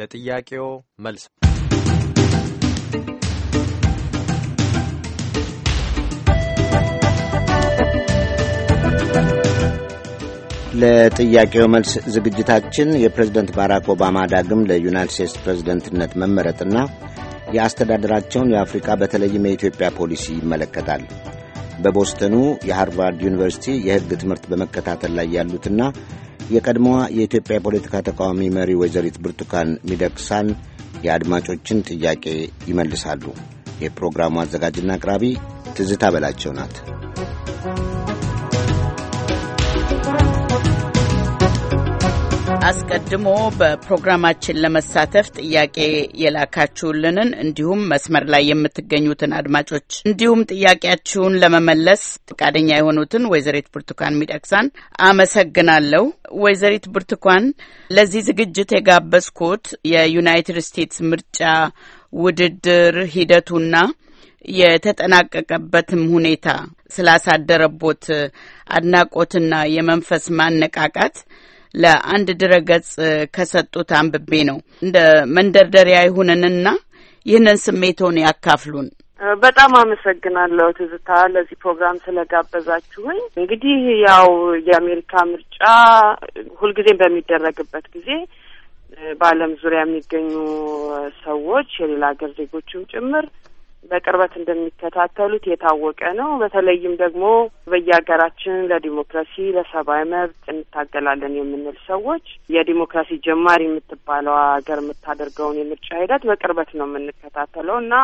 ለጥያቄው መልስ ለጥያቄው መልስ ዝግጅታችን የፕሬዝደንት ባራክ ኦባማ ዳግም ለዩናይት ስቴትስ ፕሬዝደንትነት መመረጥና የአስተዳደራቸውን የአፍሪካ በተለይም የኢትዮጵያ ፖሊሲ ይመለከታል። በቦስተኑ የሃርቫርድ ዩኒቨርሲቲ የሕግ ትምህርት በመከታተል ላይ ያሉትና የቀድሞዋ የኢትዮጵያ የፖለቲካ ተቃዋሚ መሪ ወይዘሪት ብርቱካን ሚደቅሳን የአድማጮችን ጥያቄ ይመልሳሉ። የፕሮግራሙ አዘጋጅና አቅራቢ ትዝታ በላቸው ናት። አስቀድሞ በፕሮግራማችን ለመሳተፍ ጥያቄ የላካችሁልንን እንዲሁም መስመር ላይ የምትገኙትን አድማጮች እንዲሁም ጥያቄያችሁን ለመመለስ ፈቃደኛ የሆኑትን ወይዘሪት ብርቱካን ሚደቅሳን አመሰግናለሁ። ወይዘሪት ብርቱካን ለዚህ ዝግጅት የጋበዝኩት የዩናይትድ ስቴትስ ምርጫ ውድድር ሂደቱና የተጠናቀቀበትም ሁኔታ ስላሳደረቦት አድናቆትና የመንፈስ ማነቃቃት ለአንድ ድረገጽ ከሰጡት አንብቤ ነው። እንደ መንደርደሪያ ይሁንንና ይህንን ስሜቶን ያካፍሉን። በጣም አመሰግናለሁ ትዝታ ለዚህ ፕሮግራም ስለጋበዛችሁኝ። እንግዲህ ያው የአሜሪካ ምርጫ ሁልጊዜም በሚደረግበት ጊዜ በዓለም ዙሪያ የሚገኙ ሰዎች የሌላ ሀገር ዜጎችም ጭምር በቅርበት እንደሚከታተሉት የታወቀ ነው። በተለይም ደግሞ በየሀገራችን ለዲሞክራሲ ለሰብአዊ መብት እንታገላለን የምንል ሰዎች የዲሞክራሲ ጀማሪ የምትባለው ሀገር የምታደርገውን የምርጫ ሂደት በቅርበት ነው የምንከታተለው እና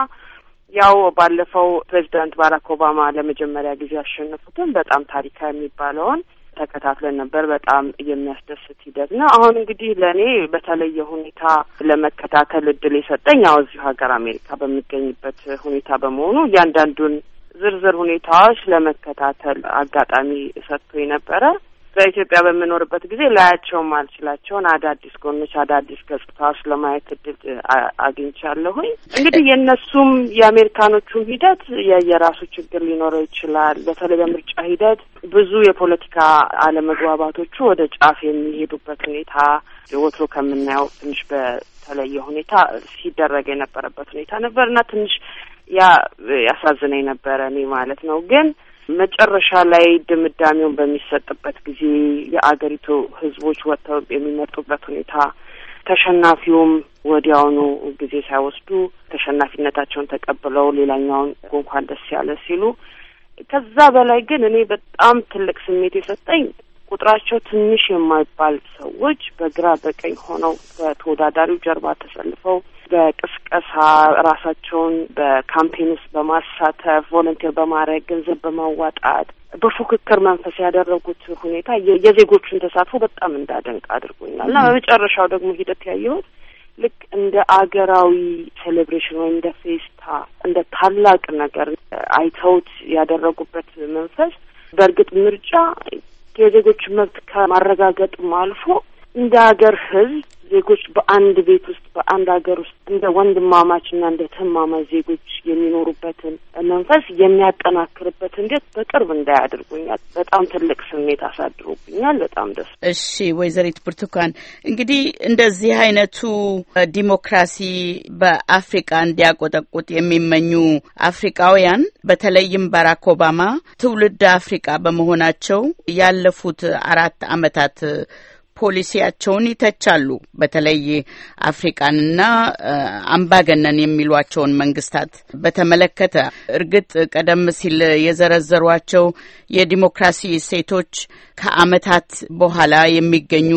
ያው ባለፈው ፕሬዚዳንት ባራክ ኦባማ ለመጀመሪያ ጊዜ ያሸነፉትን በጣም ታሪካዊ የሚባለውን ተከታትለን ነበር። በጣም የሚያስደስት ሂደት ነው። አሁን እንግዲህ ለእኔ በተለየ ሁኔታ ለመከታተል እድል የሰጠኝ ያው እዚሁ ሀገር አሜሪካ በሚገኝበት ሁኔታ በመሆኑ እያንዳንዱን ዝርዝር ሁኔታዎች ለመከታተል አጋጣሚ ሰጥቶ የነበረ በኢትዮጵያ በምኖርበት ጊዜ ላያቸውም አልችላቸውን አዳዲስ ጎኖች አዳዲስ ገጽታዎች ለማየት እድል አግኝቻለሁኝ። እንግዲህ የእነሱም የአሜሪካኖቹም ሂደት የየራሱ ችግር ሊኖረው ይችላል። በተለይ በምርጫ ሂደት ብዙ የፖለቲካ አለመግባባቶቹ ወደ ጫፍ የሚሄዱበት ሁኔታ ወትሮ ከምናየው ትንሽ በተለየ ሁኔታ ሲደረግ የነበረበት ሁኔታ ነበር እና ትንሽ ያ ያሳዝነኝ ነበረ እኔ ማለት ነው ግን መጨረሻ ላይ ድምዳሜውን በሚሰጥበት ጊዜ የአገሪቱ ህዝቦች ወጥተው የሚመርጡበት ሁኔታ ተሸናፊውም ወዲያውኑ ጊዜ ሳይወስዱ ተሸናፊነታቸውን ተቀብለው ሌላኛውን እንኳን ደስ ያለ ሲሉ፣ ከዛ በላይ ግን እኔ በጣም ትልቅ ስሜት የሰጠኝ ቁጥራቸው ትንሽ የማይባል ሰዎች በግራ በቀኝ ሆነው በተወዳዳሪው ጀርባ ተሰልፈው በቅስቀሳ ራሳቸውን በካምፔን ውስጥ በማሳተፍ ቮለንቲር በማድረግ ገንዘብ በማዋጣት በፉክክር መንፈስ ያደረጉት ሁኔታ የዜጎቹን ተሳትፎ በጣም እንዳደንቅ አድርጎኛል እና በመጨረሻው ደግሞ ሂደት ያየሁት ልክ እንደ አገራዊ ሴሌብሬሽን ወይም እንደ ፌስታ እንደ ታላቅ ነገር አይተውት ያደረጉበት መንፈስ በእርግጥ ምርጫ የዜጎች መብት ከማረጋገጥም አልፎ እንደ ሀገር ሕዝብ ዜጎች በአንድ ቤት ውስጥ በአንድ ሀገር ውስጥ እንደ ወንድማማችና እንደ ተማማች ዜጎች የሚኖሩበትን መንፈስ የሚያጠናክርበት እንዴት በቅርብ እንዳያደርጉኛል በጣም ትልቅ ስሜት አሳድሮብኛል። በጣም ደስ እሺ። ወይዘሪት ብርቱካን እንግዲህ እንደዚህ አይነቱ ዲሞክራሲ በአፍሪቃ እንዲያቆጠቁጥ የሚመኙ አፍሪቃውያን በተለይም ባራክ ኦባማ ትውልድ አፍሪቃ በመሆናቸው ያለፉት አራት አመታት ፖሊሲያቸውን ይተቻሉ። በተለይ አፍሪቃንና አምባገነን የሚሏቸውን መንግስታት በተመለከተ እርግጥ ቀደም ሲል የዘረዘሯቸው የዲሞክራሲ እሴቶች ከአመታት በኋላ የሚገኙ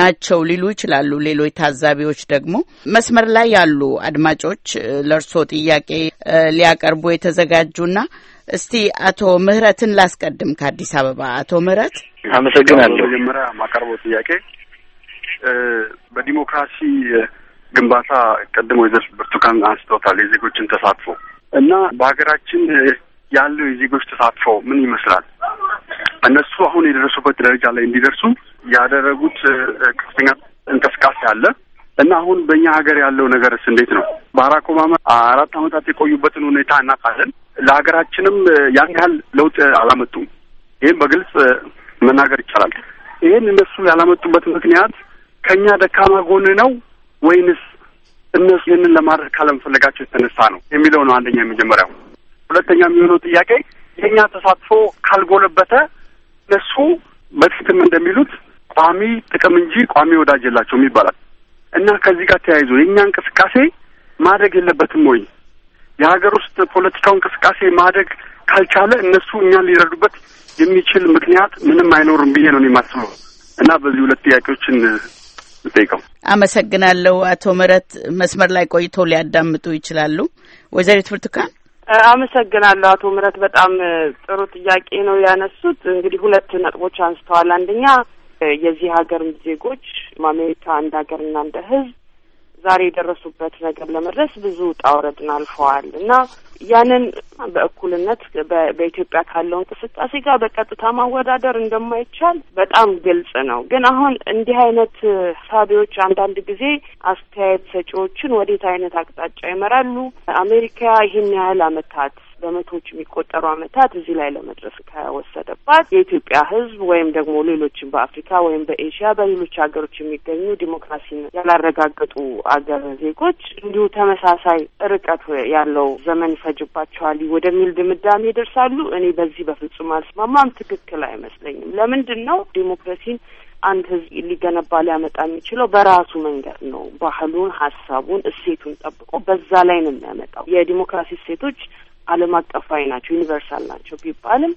ናቸው ሊሉ ይችላሉ። ሌሎች ታዛቢዎች ደግሞ መስመር ላይ ያሉ አድማጮች ለእርስዎ ጥያቄ ሊያቀርቡ የተዘጋጁና እስቲ አቶ ምህረትን ላስቀድም ከአዲስ አበባ። አቶ ምህረት አመሰግናለሁ። መጀመሪያ የማቀርበው ጥያቄ በዲሞክራሲ ግንባታ ቀድሞ ወይዘሮ ብርቱካን አንስተውታል የዜጎችን ተሳትፎ እና በሀገራችን ያለው የዜጎች ተሳትፎ ምን ይመስላል? እነሱ አሁን የደረሱበት ደረጃ ላይ እንዲደርሱ ያደረጉት ከፍተኛ እንቅስቃሴ አለ እና አሁን በእኛ ሀገር ያለው ነገርስ እንዴት ነው? ባራክ ኦባማ አራት ዓመታት የቆዩበትን ሁኔታ እናውቃለን። ለሀገራችንም ያን ያህል ለውጥ አላመጡም። ይህም በግልጽ መናገር ይቻላል። ይህን እነሱ ያላመጡበት ምክንያት ከእኛ ደካማ ጎን ነው ወይንስ እነሱ ይህንን ለማድረግ ካለመፈለጋቸው የተነሳ ነው የሚለው ነው አንደኛ የመጀመሪያው። ሁለተኛ የሚሆነው ጥያቄ የእኛ ተሳትፎ ካልጎለበተ እነሱ በፊትም እንደሚሉት ቋሚ ጥቅም እንጂ ቋሚ ወዳጅ የላቸውም ይባላል እና ከዚህ ጋር ተያይዞ የእኛ እንቅስቃሴ ማደግ የለበትም ወይ? የሀገር ውስጥ ፖለቲካው እንቅስቃሴ ማደግ ካልቻለ እነሱ እኛን ሊረዱበት የሚችል ምክንያት ምንም አይኖርም ብዬ ነው የማስበው እና በዚህ ሁለት ጥያቄዎችን ጠይቀው። አመሰግናለሁ። አቶ ምረት መስመር ላይ ቆይቶ ሊያዳምጡ ይችላሉ። ወይዘሪት ብርቱካን አመሰግናለሁ። አቶ ምረት በጣም ጥሩ ጥያቄ ነው ያነሱት። እንግዲህ ሁለት ነጥቦች አንስተዋል። አንደኛ የዚህ ሀገር ዜጎች አሜሪካ እንደ ሀገር እና እንደ ህዝብ ዛሬ የደረሱበት ነገር ለመድረስ ብዙ ውጣ ውረድን አልፈዋል እና ያንን በእኩልነት በኢትዮጵያ ካለው እንቅስቃሴ ጋር በቀጥታ ማወዳደር እንደማይቻል በጣም ግልጽ ነው። ግን አሁን እንዲህ አይነት ሳቢዎች አንዳንድ ጊዜ አስተያየት ሰጪዎችን ወዴት አይነት አቅጣጫ ይመራሉ? አሜሪካ ይህን ያህል አመታት በመቶዎች የሚቆጠሩ ዓመታት እዚህ ላይ ለመድረስ ከወሰደባት የኢትዮጵያ ህዝብ ወይም ደግሞ ሌሎችን በአፍሪካ ወይም በኤሽያ በሌሎች ሀገሮች የሚገኙ ዲሞክራሲን ያላረጋገጡ አገር ዜጎች እንዲሁ ተመሳሳይ ርቀት ያለው ዘመን ይፈጅባቸዋል ወደሚል ድምዳሜ ይደርሳሉ። እኔ በዚህ በፍጹም አልስማማም። ትክክል አይመስለኝም። ለምንድን ነው ዲሞክራሲን አንድ ህዝብ ሊገነባ ሊያመጣ የሚችለው በራሱ መንገድ ነው። ባህሉን፣ ሀሳቡን፣ እሴቱን ጠብቆ በዛ ላይ ነው የሚያመጣው። የዲሞክራሲ እሴቶች ዓለም አቀፋዊ ናቸው ዩኒቨርሳል ናቸው ቢባልም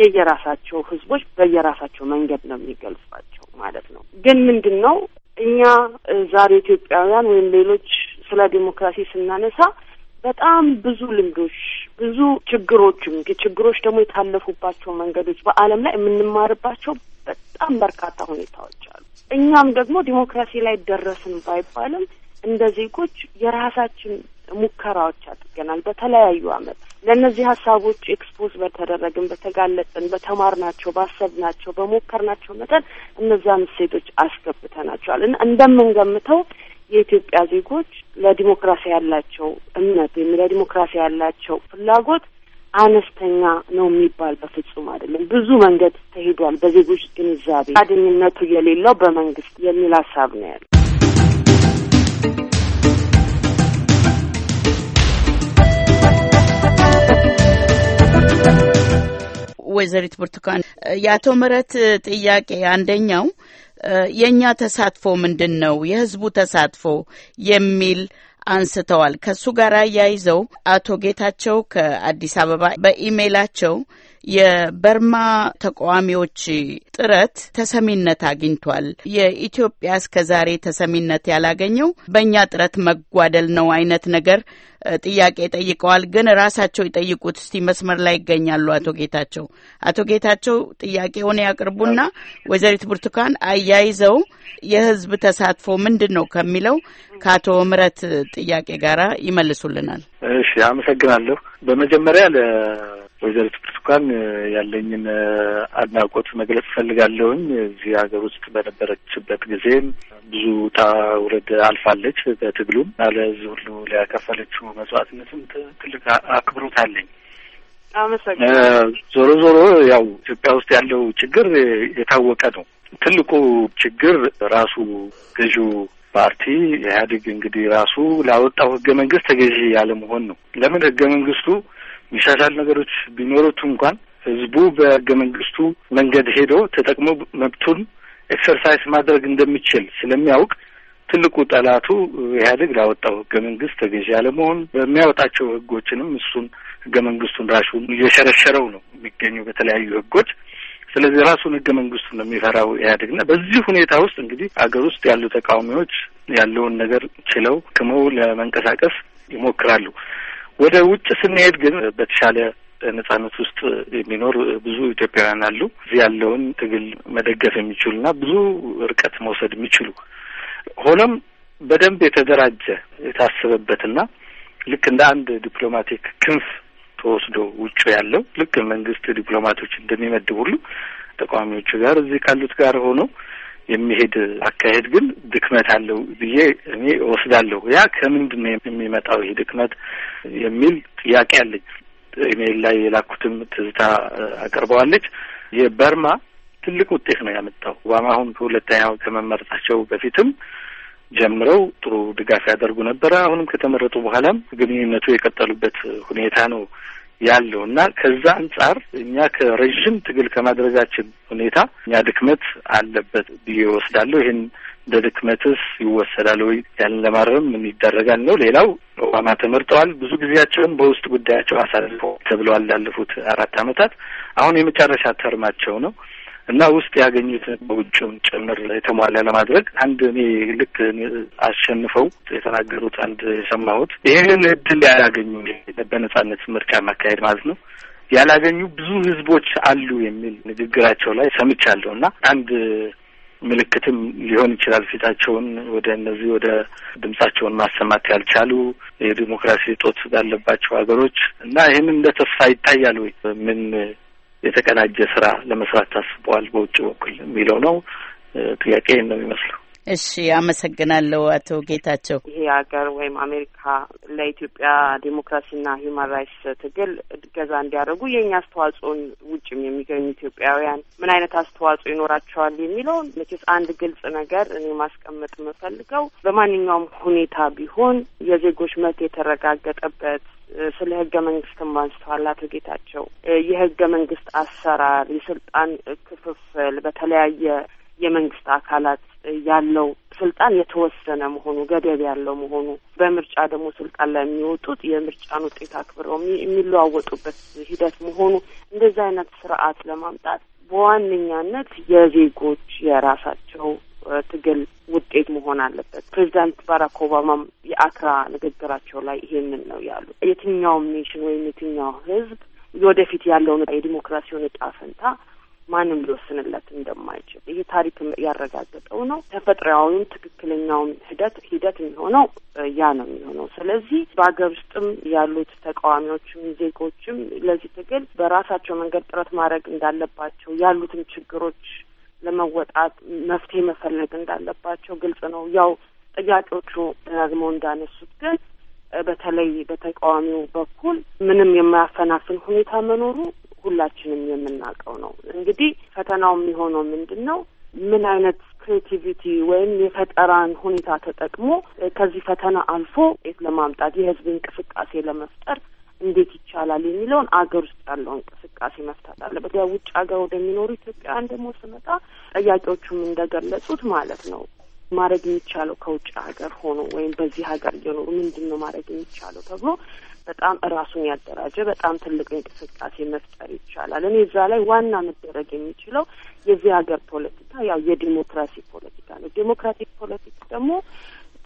የየራሳቸው ህዝቦች በየራሳቸው መንገድ ነው የሚገልጿቸው ማለት ነው። ግን ምንድን ነው እኛ ዛሬ ኢትዮጵያውያን ወይም ሌሎች ስለ ዲሞክራሲ ስናነሳ በጣም ብዙ ልምዶች፣ ብዙ ችግሮችም ችግሮች ደግሞ የታለፉባቸው መንገዶች በዓለም ላይ የምንማርባቸው በጣም በርካታ ሁኔታዎች አሉ። እኛም ደግሞ ዲሞክራሲ ላይ ደረስን ባይባልም እንደ ዜጎች የራሳችን ሙከራዎች አድርገናል። በተለያዩ አመት ለእነዚህ ሀሳቦች ኤክስፖዝ በተደረግን፣ በተጋለጥን፣ በተማርናቸው፣ ባሰብናቸው፣ በሞከርናቸው መጠን እነዛን እሴቶች አስገብተናቸዋል እና እንደምንገምተው የኢትዮጵያ ዜጎች ለዲሞክራሲ ያላቸው እምነት ወይም ለዲሞክራሲ ያላቸው ፍላጎት አነስተኛ ነው የሚባል በፍጹም አይደለም። ብዙ መንገድ ተሄዷል። በዜጎች ግንዛቤ አድኝነቱ የሌለው በመንግስት የሚል ሀሳብ ነው ያለው። ወይዘሪት ብርቱካን የአቶ ምረት ጥያቄ አንደኛው የእኛ ተሳትፎ ምንድን ነው፣ የህዝቡ ተሳትፎ የሚል አንስተዋል። ከእሱ ጋር አያይዘው አቶ ጌታቸው ከአዲስ አበባ በኢሜይላቸው የበርማ ተቃዋሚዎች ጥረት ተሰሚነት አግኝቷል። የኢትዮጵያ እስከ ዛሬ ተሰሚነት ያላገኘው በእኛ ጥረት መጓደል ነው አይነት ነገር ጥያቄ ጠይቀዋል። ግን ራሳቸው ይጠይቁት እስቲ። መስመር ላይ ይገኛሉ አቶ ጌታቸው። አቶ ጌታቸው ጥያቄውን ያቅርቡና ወይዘሪት ብርቱካን አያይዘው የህዝብ ተሳትፎ ምንድን ነው ከሚለው ከአቶ ምረት ጥያቄ ጋር ይመልሱልናል። እሺ፣ አመሰግናለሁ። በመጀመሪያ ወይዘሪት ብርቱካን ያለኝን አድናቆት መግለጽ እፈልጋለሁኝ። እዚህ ሀገር ውስጥ በነበረችበት ጊዜም ብዙ ውጣ ውረድ አልፋለች። በትግሉም እና ለዚህ ሁሉ ሊያከፈለችው መስዋዕትነትም ትልቅ አክብሮት አለኝ። ዞሮ ዞሮ ያው ኢትዮጵያ ውስጥ ያለው ችግር የታወቀ ነው። ትልቁ ችግር ራሱ ገዢው ፓርቲ ኢህአዴግ እንግዲህ ራሱ ላወጣው ህገ መንግስት ተገዢ ያለመሆን ነው። ለምን ህገ መንግስቱ የሚሻሻል ነገሮች ቢኖሩት እንኳን ህዝቡ በህገ መንግስቱ መንገድ ሄዶ ተጠቅሞ መብቱን ኤክሰርሳይዝ ማድረግ እንደሚችል ስለሚያውቅ ትልቁ ጠላቱ ኢህአዴግ ላወጣው ህገ መንግስት ተገዥ ያለመሆን በሚያወጣቸው ህጎችንም እሱን ህገ መንግስቱን ራሱን እየሸረሸረው ነው የሚገኙ በተለያዩ ህጎች። ስለዚህ ራሱን ህገ መንግስቱን ነው የሚፈራው ኢህአዴግ ኢህአዴግና በዚህ ሁኔታ ውስጥ እንግዲህ አገር ውስጥ ያሉ ተቃዋሚዎች ያለውን ነገር ችለው ክመው ለመንቀሳቀስ ይሞክራሉ። ወደ ውጭ ስንሄድ ግን በተሻለ ነጻነት ውስጥ የሚኖር ብዙ ኢትዮጵያውያን አሉ። እዚህ ያለውን ትግል መደገፍ የሚችሉ እና ብዙ ርቀት መውሰድ የሚችሉ ሆኖም በደንብ የተደራጀ የታሰበበትና ልክ እንደ አንድ ዲፕሎማቲክ ክንፍ ተወስዶ ውጭ ያለው ልክ መንግስት ዲፕሎማቶች እንደሚመድብ ሁሉ ተቃዋሚዎቹ ጋር እዚህ ካሉት ጋር ሆኖ የሚሄድ አካሄድ ግን ድክመት አለው ብዬ እኔ እወስዳለሁ። ያ ከምንድን ነው የሚመጣው ይሄ ድክመት የሚል ጥያቄ አለኝ። ኢሜይል ላይ የላኩትም ትዝታ አቅርበዋለች። የበርማ ትልቅ ውጤት ነው ያመጣው። ኦባማ አሁን ከሁለተኛው ከመመረጣቸው በፊትም ጀምረው ጥሩ ድጋፍ ያደርጉ ነበረ። አሁንም ከተመረጡ በኋላም ግንኙነቱ የቀጠሉበት ሁኔታ ነው ያለው እና ከዛ አንጻር እኛ ከረዥም ትግል ከማድረጋችን ሁኔታ እኛ ድክመት አለበት ብዬ ወስዳለሁ። ይህን እንደ ድክመትስ ይወሰዳል ወይ ያንን ለማረም ምን ይደረጋል ነው። ሌላው ኦባማ ተመርጠዋል። ብዙ ጊዜያቸውን በውስጥ ጉዳያቸው አሳልፈው ተብለዋል ላለፉት አራት አመታት አሁን የመጨረሻ ተርማቸው ነው። እና ውስጥ ያገኙት በውጭም ጭምር የተሟላ ለማድረግ አንድ እኔ ልክ አሸንፈው የተናገሩት አንድ የሰማሁት ይህንን እድል ያላገኙ በነጻነት ምርጫ ማካሄድ ማለት ነው ያላገኙ ብዙ ህዝቦች አሉ የሚል ንግግራቸው ላይ ሰምቻለሁ እና አንድ ምልክትም ሊሆን ይችላል። ፊታቸውን ወደ እነዚህ ወደ ድምጻቸውን ማሰማት ያልቻሉ የዲሞክራሲ እጦት ባለባቸው ሀገሮች እና ይህንን እንደ ተስፋ ይታያል ወይ ምን የተቀናጀ ስራ ለመስራት ታስቧል በውጭ በኩል የሚለው ነው። ጥያቄ ነው የሚመስለው። እሺ፣ አመሰግናለሁ አቶ ጌታቸው። ይሄ ሀገር ወይም አሜሪካ ለኢትዮጵያ ዲሞክራሲና ሂውማን ራይትስ ትግል እገዛ እንዲያደርጉ የእኛ አስተዋጽኦን ውጭም የሚገኙ ኢትዮጵያውያን ምን አይነት አስተዋጽኦ ይኖራቸዋል የሚለውን መቼስ አንድ ግልጽ ነገር እኔ ማስቀመጥ የምፈልገው በማንኛውም ሁኔታ ቢሆን የዜጎች መብት የተረጋገጠበት ስለ ህገ መንግስትም አንስተዋል አቶ ጌታቸው። የህገ መንግስት አሰራር፣ የስልጣን ክፍፍል በተለያየ የመንግስት አካላት ያለው ስልጣን የተወሰነ መሆኑ ገደብ ያለው መሆኑ በምርጫ ደግሞ ስልጣን ላይ የሚወጡት የምርጫን ውጤት አክብረው የሚለዋወጡበት ሂደት መሆኑ እንደዚህ አይነት ስርዓት ለማምጣት በዋነኛነት የዜጎች የራሳቸው ትግል ውጤት መሆን አለበት። ፕሬዚዳንት ባራክ ኦባማም የአክራ ንግግራቸው ላይ ይሄንን ነው ያሉ። የትኛውም ኔሽን ወይም የትኛው ህዝብ ወደፊት ያለውን የዲሞክራሲውን እጣ ፈንታ ማንም ሊወስንለት እንደማይችል ይሄ ታሪክ ያረጋገጠው ነው። ተፈጥሯዊውን ትክክለኛውን ሂደት ሂደት የሚሆነው ያ ነው የሚሆነው። ስለዚህ በሀገር ውስጥም ያሉት ተቃዋሚዎችም ዜጎችም ለዚህ ትግል በራሳቸው መንገድ ጥረት ማድረግ እንዳለባቸው ያሉትን ችግሮች ለመወጣት መፍትሄ መፈለግ እንዳለባቸው ግልጽ ነው። ያው ጥያቄዎቹ ደጋግመው እንዳነሱት ግን በተለይ በተቃዋሚው በኩል ምንም የማያፈናፍን ሁኔታ መኖሩ ሁላችንም የምናውቀው ነው። እንግዲህ ፈተናው የሚሆነው ምንድን ነው? ምን አይነት ክሬቲቪቲ ወይም የፈጠራን ሁኔታ ተጠቅሞ ከዚህ ፈተና አልፎ ውጤት ለማምጣት የህዝብ እንቅስቃሴ ለመፍጠር እንዴት ይቻላል የሚለውን አገር ውስጥ ያለው እንቅስቃሴ መፍታት አለበት። ያው ውጭ ሀገር ወደሚኖሩ ኢትዮጵያውያን ደግሞ ስመጣ ጠያቂዎቹም እንደገለጹት ማለት ነው ማድረግ የሚቻለው ከውጭ ሀገር ሆኖ ወይም በዚህ ሀገር እየኖሩ ምንድን ነው ማድረግ የሚቻለው ተብሎ በጣም እራሱን ያደራጀ በጣም ትልቅ እንቅስቃሴ መፍጠር ይቻላል። እኔ እዛ ላይ ዋና መደረግ የሚችለው የዚህ ሀገር ፖለቲካ ያው የዲሞክራሲ ፖለቲካ ነው። ዲሞክራቲክ ፖለቲክ ደግሞ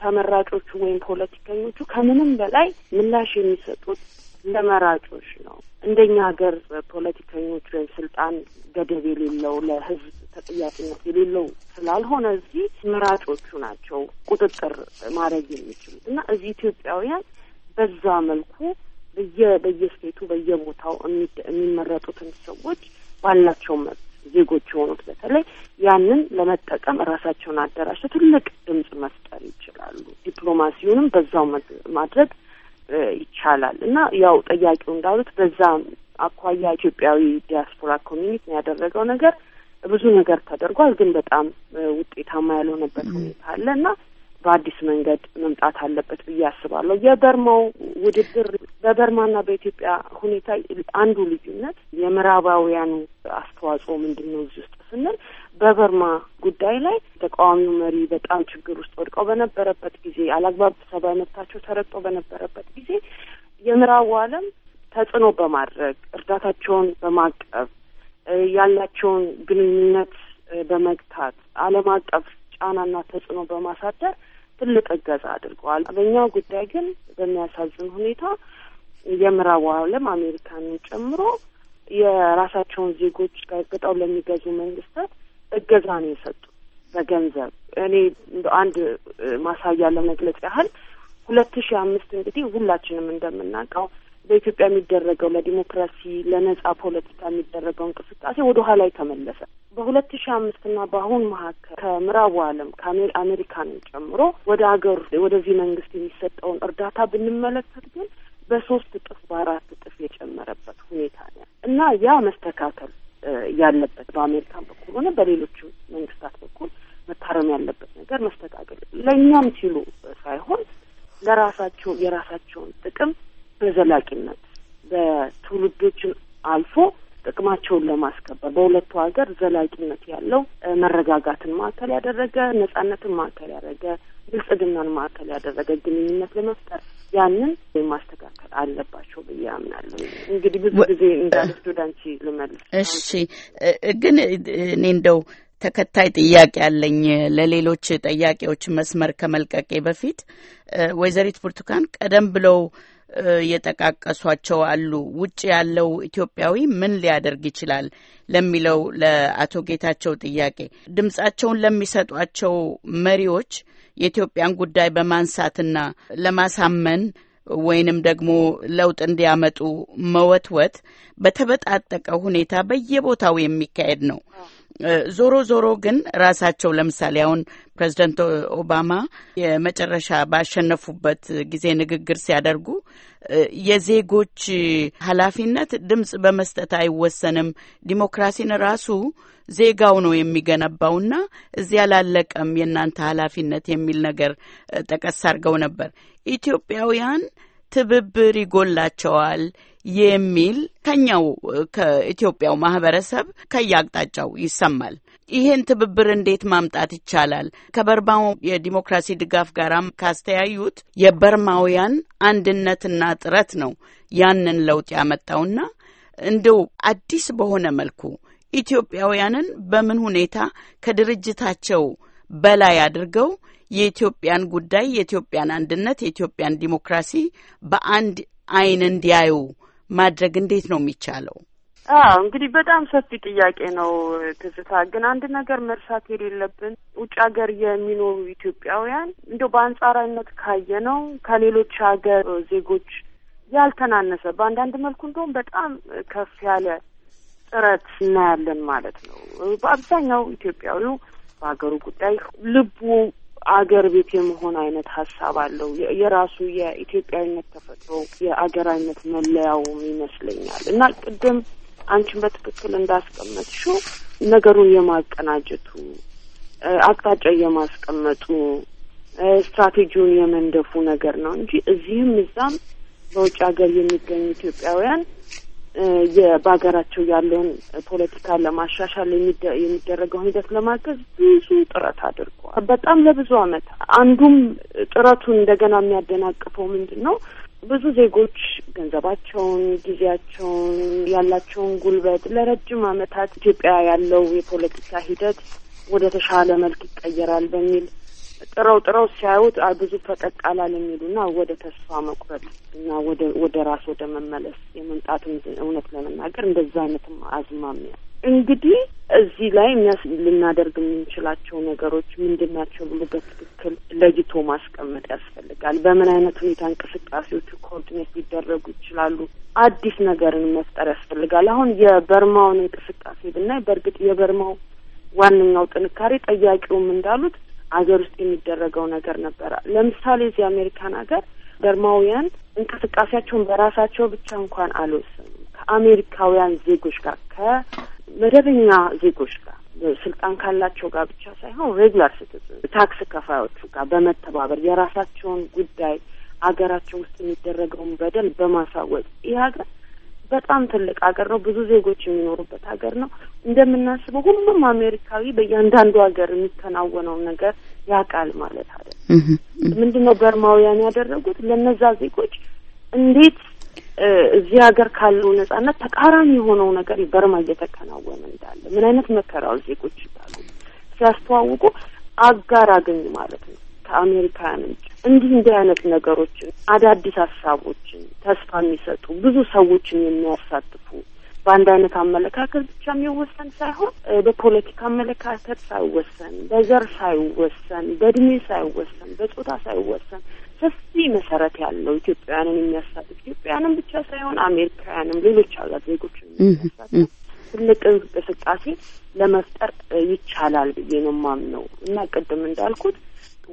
ተመራጮቹ ወይም ፖለቲከኞቹ ከምንም በላይ ምላሽ የሚሰጡት ለመራጮች ነው። እንደኛ ሀገር ፖለቲከኞች ወይም ስልጣን ገደብ የሌለው ለህዝብ ተጠያቂነት የሌለው ስላልሆነ እዚህ መራጮቹ ናቸው ቁጥጥር ማድረግ የሚችሉት እና እዚህ ኢትዮጵያውያን በዛ መልኩ በየ በየስቴቱ በየቦታው የሚመረጡትን ሰዎች ባላቸው መብት ዜጎች የሆኑት በተለይ ያንን ለመጠቀም ራሳቸውን አደራጅተው ትልቅ ድምጽ መፍጠር ይችላሉ። ዲፕሎማሲውንም በዛው ማድረግ ይቻላል እና ያው ጠያቂው እንዳሉት በዛ አኳያ ኢትዮጵያዊ ዲያስፖራ ኮሚኒቲ ያደረገው ነገር ብዙ ነገር ተደርጓል፣ ግን በጣም ውጤታማ ያልሆነበት ሁኔታ አለ እና በአዲስ መንገድ መምጣት አለበት ብዬ አስባለሁ። የበርማው ውድድር በበርማና በኢትዮጵያ ሁኔታ አንዱ ልዩነት የምዕራባውያኑ አስተዋጽኦ ምንድን ነው እዚህ ውስጥ ስንል በበርማ ጉዳይ ላይ ተቃዋሚው መሪ በጣም ችግር ውስጥ ወድቀው በነበረበት ጊዜ አላግባብ ሰብአዊ መብታቸው ተረግጦ በነበረበት ጊዜ የምዕራቡ ዓለም ተጽዕኖ በማድረግ እርዳታቸውን በማቀብ ያላቸውን ግንኙነት በመግታት ዓለም አቀፍ ጫናና ተጽዕኖ በማሳደር ትልቅ እገዛ አድርገዋል። በእኛ ጉዳይ ግን በሚያሳዝን ሁኔታ የምዕራቡ ዓለም አሜሪካንን ጨምሮ የራሳቸውን ዜጎች ቀጥቅጠው ለሚገዙ መንግስታት እገዛ ነው የሰጡ በገንዘብ። እኔ እንደ አንድ ማሳያ ለመግለጽ ያህል ሁለት ሺ አምስት እንግዲህ ሁላችንም እንደምናውቀው በኢትዮጵያ የሚደረገው ለዲሞክራሲ ለነጻ ፖለቲካ የሚደረገው እንቅስቃሴ ወደ ኋላ የተመለሰ በሁለት ሺ አምስት ና በአሁን መካከል ከምዕራቡ ዓለም ከአሜሪካንን ጨምሮ ወደ ሀገር ወደዚህ መንግስት የሚሰጠውን እርዳታ ብንመለከት ግን በሶስት እጥፍ በአራት እጥፍ የጨመረበት ሁኔታ ነው እና ያ መስተካከል ያለበት በአሜሪካን በኩል ሆነ በሌሎቹ መንግስታት በኩል መታረም ያለበት ነገር መስተካከል ለእኛም ሲሉ ሳይሆን ለራሳቸው የራሳቸውን ጥቅም በዘላቂነት በትውልዶችን አልፎ ጥቅማቸውን ለማስከበር በሁለቱ ሀገር ዘላቂነት ያለው መረጋጋትን ማዕከል ያደረገ ነጻነትን ማዕከል ያደረገ ብልጽግናን ማዕከል ያደረገ ግንኙነት ለመፍጠር ያንን ማስተካከል አለባቸው ብዬ አምናለሁ። እንግዲህ ብዙ ጊዜ እንዳለች ልመልስ። እሺ፣ ግን እኔ እንደው ተከታይ ጥያቄ አለኝ ለሌሎች ጠያቂዎች መስመር ከመልቀቄ በፊት ወይዘሪት ብርቱካን ቀደም ብለው የጠቃቀሷቸው አሉ። ውጭ ያለው ኢትዮጵያዊ ምን ሊያደርግ ይችላል ለሚለው ለአቶ ጌታቸው ጥያቄ ድምጻቸውን ለሚሰጧቸው መሪዎች የኢትዮጵያን ጉዳይ በማንሳትና ለማሳመን ወይንም ደግሞ ለውጥ እንዲያመጡ መወትወት በተበጣጠቀ ሁኔታ በየቦታው የሚካሄድ ነው። ዞሮ ዞሮ ግን ራሳቸው ለምሳሌ አሁን ፕሬዚደንት ኦባማ የመጨረሻ ባሸነፉበት ጊዜ ንግግር ሲያደርጉ የዜጎች ኃላፊነት ድምጽ በመስጠት አይወሰንም፣ ዲሞክራሲን ራሱ ዜጋው ነው የሚገነባውና እዚያ ላለቀም የእናንተ ኃላፊነት የሚል ነገር ጠቀስ አድርገው ነበር ኢትዮጵያውያን ትብብር ይጎላቸዋል የሚል ከኛው ከኢትዮጵያው ማህበረሰብ ከየአቅጣጫው ይሰማል። ይህን ትብብር እንዴት ማምጣት ይቻላል? ከበርማው የዲሞክራሲ ድጋፍ ጋራም ካስተያዩት የበርማውያን አንድነትና ጥረት ነው ያንን ለውጥ ያመጣውና እንደው አዲስ በሆነ መልኩ ኢትዮጵያውያንን በምን ሁኔታ ከድርጅታቸው በላይ አድርገው የኢትዮጵያን ጉዳይ፣ የኢትዮጵያን አንድነት፣ የኢትዮጵያን ዲሞክራሲ በአንድ አይን እንዲያዩ ማድረግ እንዴት ነው የሚቻለው? አዎ እንግዲህ በጣም ሰፊ ጥያቄ ነው ትዝታ። ግን አንድ ነገር መርሳት የሌለብን ውጭ ሀገር የሚኖሩ ኢትዮጵያውያን እንደው በአንጻራዊነት ካየ ነው ከሌሎች ሀገር ዜጎች ያልተናነሰ በአንዳንድ መልኩ እንደውም በጣም ከፍ ያለ ጥረት እናያለን ማለት ነው። በአብዛኛው ኢትዮጵያዊው በሀገሩ ጉዳይ ልቡ አገር ቤት የመሆን አይነት ሀሳብ አለው። የራሱ የኢትዮጵያዊነት ተፈጥሮ የአገራዊነት መለያውም ይመስለኛል እና ቅድም አንቺን በትክክል እንዳስቀመጥሽው ነገሩን የማቀናጀቱ አቅጣጫ የማስቀመጡ ስትራቴጂውን የመንደፉ ነገር ነው እንጂ እዚህም እዛም በውጭ ሀገር የሚገኙ ኢትዮጵያውያን በሀገራቸው ያለውን ፖለቲካ ለማሻሻል የሚደረገውን ሂደት ለማገዝ ብዙ ጥረት አድርገዋል። በጣም ለብዙ ዓመት አንዱም ጥረቱን እንደገና የሚያደናቅፈው ምንድን ነው? ብዙ ዜጎች ገንዘባቸውን፣ ጊዜያቸውን፣ ያላቸውን ጉልበት ለረጅም ዓመታት ኢትዮጵያ ያለው የፖለቲካ ሂደት ወደ ተሻለ መልክ ይቀየራል በሚል ጥረው ጥረው ሲያዩት ብዙ ፈቀቅ አላል የሚሉና ወደ ተስፋ መቁረጥ እና ወደ ወደ ራስ ወደ መመለስ የመምጣት እውነት ለመናገር እንደዛ አይነትም አዝማሚያ እንግዲህ እዚህ ላይ የሚያስ ልናደርግ የምንችላቸው ነገሮች ምንድን ናቸው ብሎ በትክክል ለይቶ ማስቀመጥ ያስፈልጋል። በምን አይነት ሁኔታ እንቅስቃሴዎቹ ኮኦርዲኔት ሊደረጉ ይችላሉ? አዲስ ነገርን መፍጠር ያስፈልጋል። አሁን የበርማውን እንቅስቃሴ ብናይ በእርግጥ የበርማው ዋነኛው ጥንካሬ ጠያቂውም እንዳሉት አገር ውስጥ የሚደረገው ነገር ነበረ። ለምሳሌ እዚህ አሜሪካን ሀገር በርማውያን እንቅስቃሴያቸውን በራሳቸው ብቻ እንኳን አልወሰኑም። ከአሜሪካውያን ዜጎች ጋር ከመደበኛ ዜጎች ጋር ስልጣን ካላቸው ጋር ብቻ ሳይሆን ሬጉላር ሲቲዝን ታክስ ከፋዮቹ ጋር በመተባበር የራሳቸውን ጉዳይ አገራቸው ውስጥ የሚደረገውን በደል በማሳወቅ ይህ ሀገር በጣም ትልቅ ሀገር ነው። ብዙ ዜጎች የሚኖሩበት ሀገር ነው። እንደምናስበው ሁሉም አሜሪካዊ በእያንዳንዱ ሀገር የሚከናወነውን ነገር ያውቃል ማለት አይደል። ምንድን ነው በርማውያን ያደረጉት ለነዛ ዜጎች እንዴት እዚህ ሀገር ካለው ነጻነት ተቃራኒ የሆነው ነገር በርማ እየተከናወነ እንዳለ ምን አይነት መከራው ዜጎች ይባሉ ሲያስተዋውቁ አጋር አገኝ ማለት ነው ከአሜሪካውያን ውጭ እንዲህ እንዲህ አይነት ነገሮችን አዳዲስ ሀሳቦችን ተስፋ የሚሰጡ ብዙ ሰዎችን የሚያሳትፉ በአንድ አይነት አመለካከት ብቻ የሚወሰን ሳይሆን በፖለቲካ አመለካከት ሳይወሰን፣ በዘር ሳይወሰን፣ በእድሜ ሳይወሰን፣ በጾታ ሳይወሰን ሰፊ መሰረት ያለው ኢትዮጵያውያንን የሚያሳትፍ ኢትዮጵያውያንን ብቻ ሳይሆን አሜሪካውያንም ሌሎች ሀገር ዜጎችን የሚያሳትፍ ትልቅ እንቅስቃሴ ለመፍጠር ይቻላል ብዬ ነው የማምነው እና ቅድም እንዳልኩት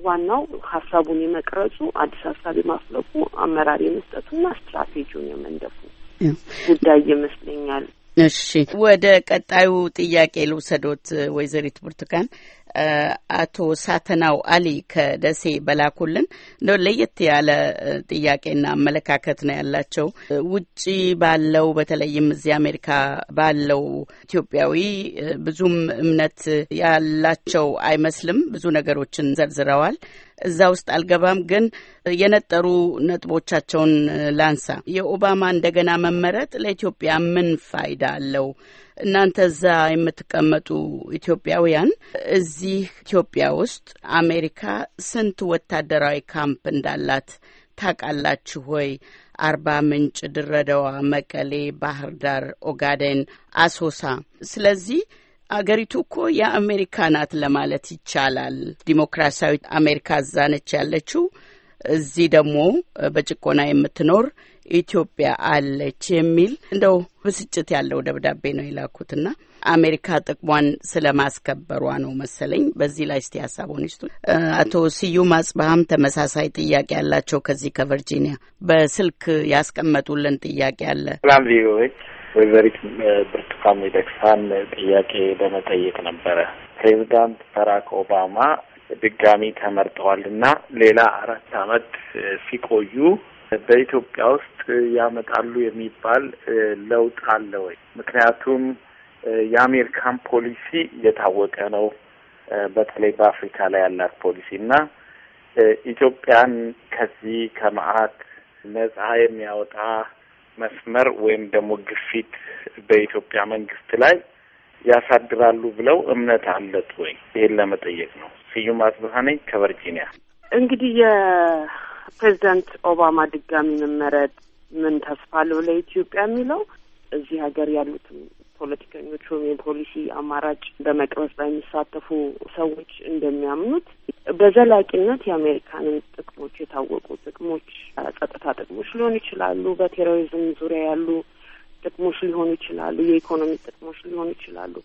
ዋናው ሀሳቡን የመቅረጹ አዲስ ሀሳብ የማፍለቁ አመራር የመስጠቱና ስትራቴጂውን የመንደፉ ጉዳይ ይመስለኛል። እሺ፣ ወደ ቀጣዩ ጥያቄ ልውሰዶት ወይዘሪት ብርቱካን አቶ ሳተናው አሊ ከደሴ በላኩልን እንደ ለየት ያለ ጥያቄና አመለካከት ነው ያላቸው። ውጭ ባለው በተለይም እዚህ አሜሪካ ባለው ኢትዮጵያዊ ብዙም እምነት ያላቸው አይመስልም። ብዙ ነገሮችን ዘርዝረዋል። እዛ ውስጥ አልገባም፣ ግን የነጠሩ ነጥቦቻቸውን ላንሳ። የኦባማ እንደገና መመረጥ ለኢትዮጵያ ምን ፋይዳ አለው? እናንተ እዛ የምትቀመጡ ኢትዮጵያውያን እዚህ ኢትዮጵያ ውስጥ አሜሪካ ስንት ወታደራዊ ካምፕ እንዳላት ታውቃላችሁ ወይ? አርባ ምንጭ፣ ድረዳዋ መቀሌ፣ ባህር ዳር፣ ኦጋዴን፣ አሶሳ። ስለዚህ አገሪቱ እኮ የአሜሪካ ናት ለማለት ይቻላል። ዲሞክራሲያዊ አሜሪካ እዛ ነች ያለችው። እዚህ ደግሞ በጭቆና የምትኖር ኢትዮጵያ አለች የሚል እንደው ብስጭት ያለው ደብዳቤ ነው የላኩትና አሜሪካ ጥቅሟን ስለማስከበሯ ነው መሰለኝ። በዚህ ላይ እስቲ ሀሳቡን ይስጡ። አቶ ስዩም አጽባሀም ተመሳሳይ ጥያቄ ያላቸው ከዚህ ከቨርጂኒያ በስልክ ያስቀመጡልን ጥያቄ አለ። ሰላም ቪኦኤ፣ ወይዘሪት ብርቱካን ሚደቅሳን ጥያቄ ለመጠየቅ ነበረ። ፕሬዚዳንት ባራክ ኦባማ ድጋሚ ተመርጠዋልና ሌላ አራት አመት ሲቆዩ በኢትዮጵያ ውስጥ ያመጣሉ የሚባል ለውጥ አለ ወይ? ምክንያቱም የአሜሪካን ፖሊሲ የታወቀ ነው፣ በተለይ በአፍሪካ ላይ ያላት ፖሊሲ እና ኢትዮጵያን ከዚህ ከመዓት ነጻ የሚያወጣ መስመር ወይም ደግሞ ግፊት በኢትዮጵያ መንግስት ላይ ያሳድራሉ ብለው እምነት አለት ወይ? ይህን ለመጠየቅ ነው። ስዩም አጽብሃ ነኝ ከቨርጂኒያ። እንግዲህ ፕሬዚዳንት ኦባማ ድጋሚ መመረጥ ምን ተስፋ አለው ለኢትዮጵያ የሚለው እዚህ ሀገር ያሉትም ፖለቲከኞች ወይም የፖሊሲ አማራጭ በመቅረጽ ላይ የሚሳተፉ ሰዎች እንደሚያምኑት በዘላቂነት የአሜሪካንን ጥቅሞች የታወቁ ጥቅሞች፣ ጸጥታ ጥቅሞች ሊሆኑ ይችላሉ። በቴሮሪዝም ዙሪያ ያሉ ጥቅሞች ሊሆኑ ይችላሉ። የኢኮኖሚ ጥቅሞች ሊሆኑ ይችላሉ።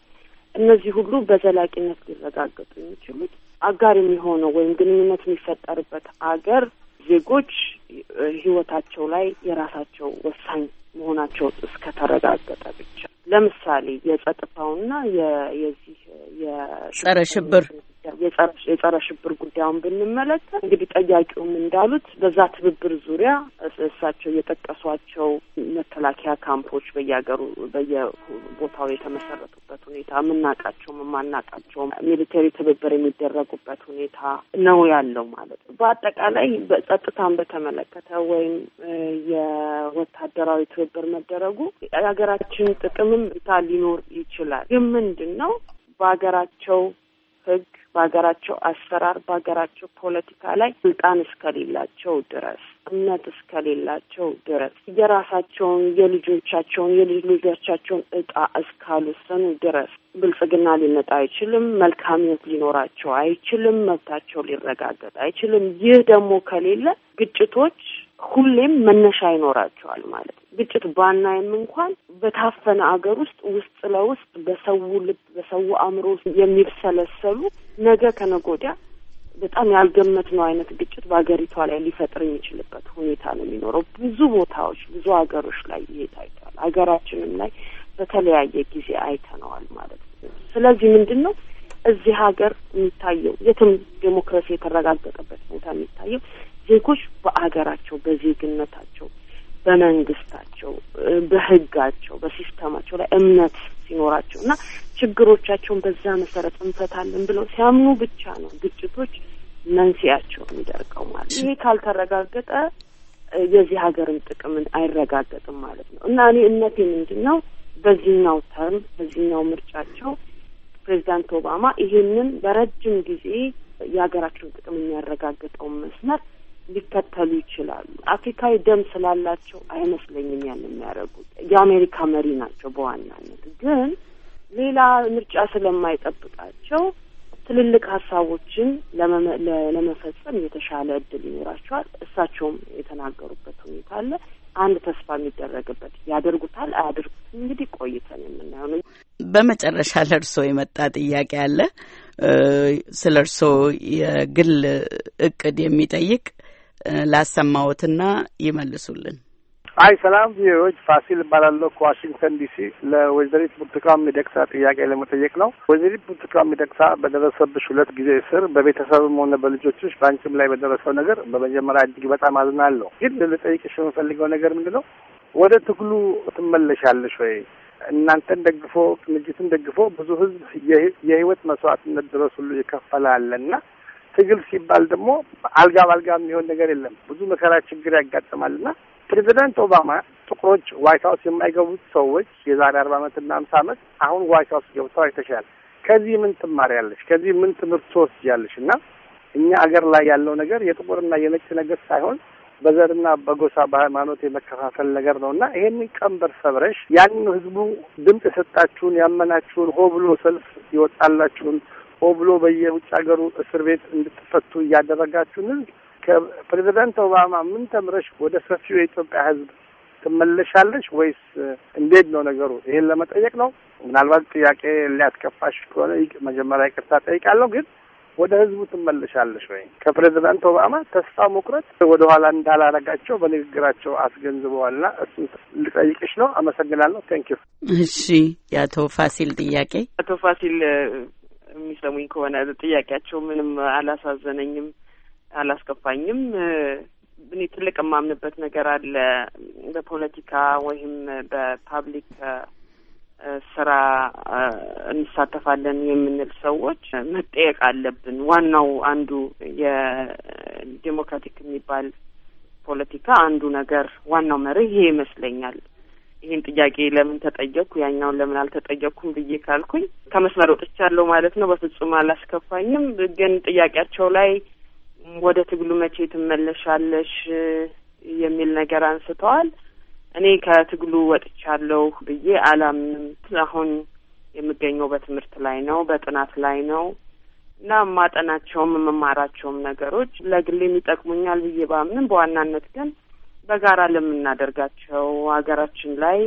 እነዚህ ሁሉ በዘላቂነት ሊረጋገጡ የሚችሉት አጋር የሚሆነው ወይም ግንኙነት የሚፈጠርበት አገር ዜጎች ህይወታቸው ላይ የራሳቸው ወሳኝ መሆናቸው እስከተረጋገጠ ብቻ ለምሳሌ የጸጥታውና የዚህ የጸረ ሽብር የጸረ ሽብር ጉዳዩን ብንመለከት እንግዲህ ጠያቂውም እንዳሉት በዛ ትብብር ዙሪያ እሳቸው የጠቀሷቸው መከላከያ ካምፖች በየሀገሩ በየቦታው የተመሰረቱበት ሁኔታ የምናውቃቸውም የማናውቃቸውም ሚሊተሪ ትብብር የሚደረጉበት ሁኔታ ነው ያለው ማለት ነው። በአጠቃላይ በጸጥታን በተመለከተ ወይም የወታደራዊ ትብብር መደረጉ የሀገራችን ጥቅምም ታ ሊኖር ይችላል። ግን ምንድን ነው በሀገራቸው ህግ በሀገራቸው አሰራር በሀገራቸው ፖለቲካ ላይ ስልጣን እስከሌላቸው ድረስ እምነት እስከሌላቸው ድረስ የራሳቸውን የልጆቻቸውን የልጅ ልጆቻቸውን እጣ እስካልወሰኑ ድረስ ብልጽግና ሊመጣ አይችልም። መልካምነት ሊኖራቸው አይችልም። መብታቸው ሊረጋገጥ አይችልም። ይህ ደግሞ ከሌለ ግጭቶች ሁሌም መነሻ ይኖራቸዋል ማለት ነው። ግጭት ባናይም እንኳን በታፈነ አገር ውስጥ ውስጥ ለውስጥ በሰው ልብ በሰው አእምሮ ውስጥ የሚብሰለሰሉ ነገ ከነጎዲያ ወዲያ በጣም ያልገመትነው አይነት ግጭት በሀገሪቷ ላይ ሊፈጥር የሚችልበት ሁኔታ ነው የሚኖረው። ብዙ ቦታዎች ብዙ ሀገሮች ላይ ይሄ ታይቷል። ሀገራችንም ላይ በተለያየ ጊዜ አይተነዋል ማለት ነው። ስለዚህ ምንድን ነው እዚህ ሀገር የሚታየው የትም ዴሞክራሲ የተረጋገጠበት ቦታ የሚታየው ዜጎች በአገራቸው በዜግነታቸው በመንግስታቸው፣ በህጋቸው፣ በሲስተማቸው ላይ እምነት ሲኖራቸው እና ችግሮቻቸውን በዛ መሰረት እንፈታለን ብለው ሲያምኑ ብቻ ነው ግጭቶች መንስኤያቸው የሚደርቀው ማለት ይሄ ካልተረጋገጠ የዚህ ሀገርን ጥቅምን አይረጋገጥም ማለት ነው እና እኔ እምነቴ ምንድን ነው በዚህኛው ተርም በዚህኛው ምርጫቸው ፕሬዚዳንት ኦባማ ይህንን በረጅም ጊዜ የሀገራቸውን ጥቅም የሚያረጋግጠውን መስመር ሊከተሉ ይችላሉ። አፍሪካዊ ደም ስላላቸው አይመስለኝም ያን የሚያደርጉት። የአሜሪካ መሪ ናቸው በዋናነት ግን ሌላ ምርጫ ስለማይጠብቃቸው ትልልቅ ሀሳቦችን ለመፈጸም የተሻለ እድል ይኖራቸዋል። እሳቸውም የተናገሩበት ሁኔታ አለ። አንድ ተስፋ የሚደረግበት ያደርጉታል አያደርጉት እንግዲህ ቆይተን የምናየው ነው። በመጨረሻ ለእርስዎ የመጣ ጥያቄ አለ ስለ እርስዎ የግል እቅድ የሚጠይቅ ላሰማዎትና ይመልሱልን። አይ ሰላም ቪዎች ፋሲል እባላለሁ ከዋሽንግተን ዲሲ ለወይዘሪት ብርቱካን ሚደቅሳ ጥያቄ ለመጠየቅ ነው። ወይዘሪት ብርቱካን ሚደቅሳ በደረሰብሽ ሁለት ጊዜ እስር በቤተሰብም ሆነ በልጆችሽ በአንቺም ላይ በደረሰው ነገር በመጀመሪያ እጅግ በጣም አዝናለሁ። ግን ልጠይቅሽ የምፈልገው ነገር ምንድን ነው? ወደ ትግሉ ትመለሻለሽ ወይ? እናንተን ደግፎ ቅንጅትን ደግፎ ብዙ ህዝብ የህይወት መስዋዕትነት ድረስ ሁሉ የከፈለ ትግል ሲባል ደግሞ አልጋ ባልጋ የሚሆን ነገር የለም። ብዙ መከራ ችግር ያጋጥማል እና ፕሬዚዳንት ኦባማ ጥቁሮች ዋይት ሀውስ የማይገቡት ሰዎች የዛሬ አርባ እና አምሳ ዓመት አሁን ዋይት ሀውስ ገብተው አይተሻል። ከዚህ ምን ትማሪያለሽ? ከዚህ ምን ትምህርት ትወስጃለሽ? እና እኛ አገር ላይ ያለው ነገር የጥቁርና የነጭ ነገር ሳይሆን በዘርና በጎሳ በሃይማኖት የመከፋፈል ነገር ነው እና ይሄን ቀንበር ሰብረሽ ያንን ህዝቡ ድምፅ የሰጣችሁን ያመናችሁን ሆ ብሎ ሰልፍ ይወጣላችሁን ሆ ብሎ በየውጭ ሀገሩ እስር ቤት እንድትፈቱ እያደረጋችሁን ህዝብ ከፕሬዚዳንት ኦባማ ምን ተምረሽ ወደ ሰፊው የኢትዮጵያ ህዝብ ትመለሻለች ወይስ እንዴት ነው ነገሩ? ይህን ለመጠየቅ ነው። ምናልባት ጥያቄ ሊያስከፋሽ ከሆነ መጀመሪያ ይቅርታ ጠይቃለሁ። ግን ወደ ህዝቡ ትመለሻለች ወይ? ከፕሬዚዳንት ኦባማ ተስፋ መቁረጥ ወደ ኋላ እንዳላረጋቸው በንግግራቸው አስገንዝበዋልና እሱ ልጠይቅሽ ነው። አመሰግናለሁ። ቴንኪዩ። እሺ፣ የአቶ ፋሲል ጥያቄ አቶ ፋሲል የሚሰሙኝ ከሆነ ጥያቄያቸው ምንም አላሳዘነኝም፣ አላስከፋኝም። እኔ ትልቅ የማምንበት ነገር አለ። በፖለቲካ ወይም በፓብሊክ ስራ እንሳተፋለን የምንል ሰዎች መጠየቅ አለብን። ዋናው አንዱ የዴሞክራቲክ የሚባል ፖለቲካ አንዱ ነገር ዋናው መርህ ይሄ ይመስለኛል። ይህን ጥያቄ ለምን ተጠየቅኩ ያኛውን ለምን አልተጠየቅኩም ብዬ ካልኩኝ ከመስመር ወጥቻለሁ ማለት ነው። በፍጹም አላስከፋኝም። ግን ጥያቄያቸው ላይ ወደ ትግሉ መቼ ትመለሻለሽ የሚል ነገር አንስተዋል። እኔ ከትግሉ ወጥቻለሁ ብዬ አላምንም። አሁን የምገኘው በትምህርት ላይ ነው፣ በጥናት ላይ ነው እና የማጠናቸውም የምማራቸውም ነገሮች ለግሌም ይጠቅሙኛል ብዬ ባምንም በዋናነት ግን በጋራ ለምናደርጋቸው ሀገራችን ላይ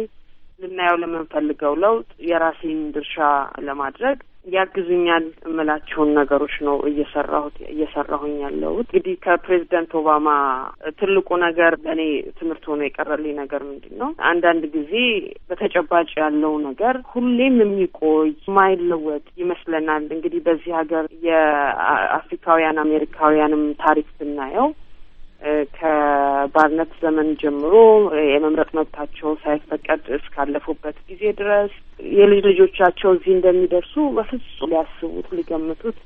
ልናየው ለምንፈልገው ለውጥ የራሴን ድርሻ ለማድረግ ያግዙኛል እምላቸውን ነገሮች ነው እየሰራሁት እየሰራሁኝ ያለሁት። እንግዲህ ከፕሬዚደንት ኦባማ ትልቁ ነገር ለእኔ ትምህርት ሆኖ የቀረልኝ ነገር ምንድን ነው? አንዳንድ ጊዜ በተጨባጭ ያለው ነገር ሁሌም የሚቆይ የማይለወጥ ይመስለናል። እንግዲህ በዚህ ሀገር የአፍሪካውያን አሜሪካውያንም ታሪክ ብናየው ከባርነት ዘመን ጀምሮ የመምረጥ መብታቸው ሳይፈቀድ እስካለፉበት ጊዜ ድረስ የልጅ ልጆቻቸው እዚህ እንደሚደርሱ በፍጹም ሊያስቡት ሊገምቱት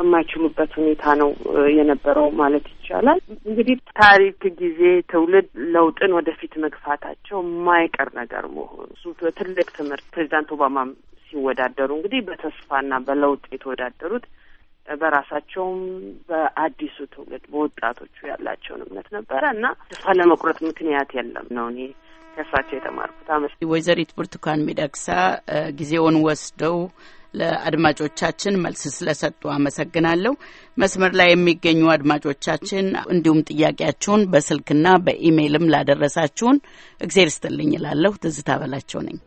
የማይችሉበት ሁኔታ ነው የነበረው ማለት ይቻላል። እንግዲህ ታሪክ፣ ጊዜ፣ ትውልድ ለውጥን ወደፊት መግፋታቸው የማይቀር ነገር መሆኑ እሱ ትልቅ ትምህርት ፕሬዚዳንት ኦባማም ሲወዳደሩ እንግዲህ በተስፋና በለውጥ የተወዳደሩት በራሳቸውም በአዲሱ ትውልድ በወጣቶቹ ያላቸውን እምነት ነበረ እና ተስፋ ለመቁረጥ ምክንያት የለም ነው እኔ ከእሳቸው የተማርኩት። አመስ ወይዘሪት ብርቱካን ሚደቅሳ ጊዜውን ወስደው ለአድማጮቻችን መልስ ስለሰጡ አመሰግናለሁ። መስመር ላይ የሚገኙ አድማጮቻችን እንዲሁም ጥያቄያችሁን በስልክና በኢሜይልም ላደረሳችሁን እግዜር ስጥልኝ እላለሁ። ትዝታ በላቸው ነኝ።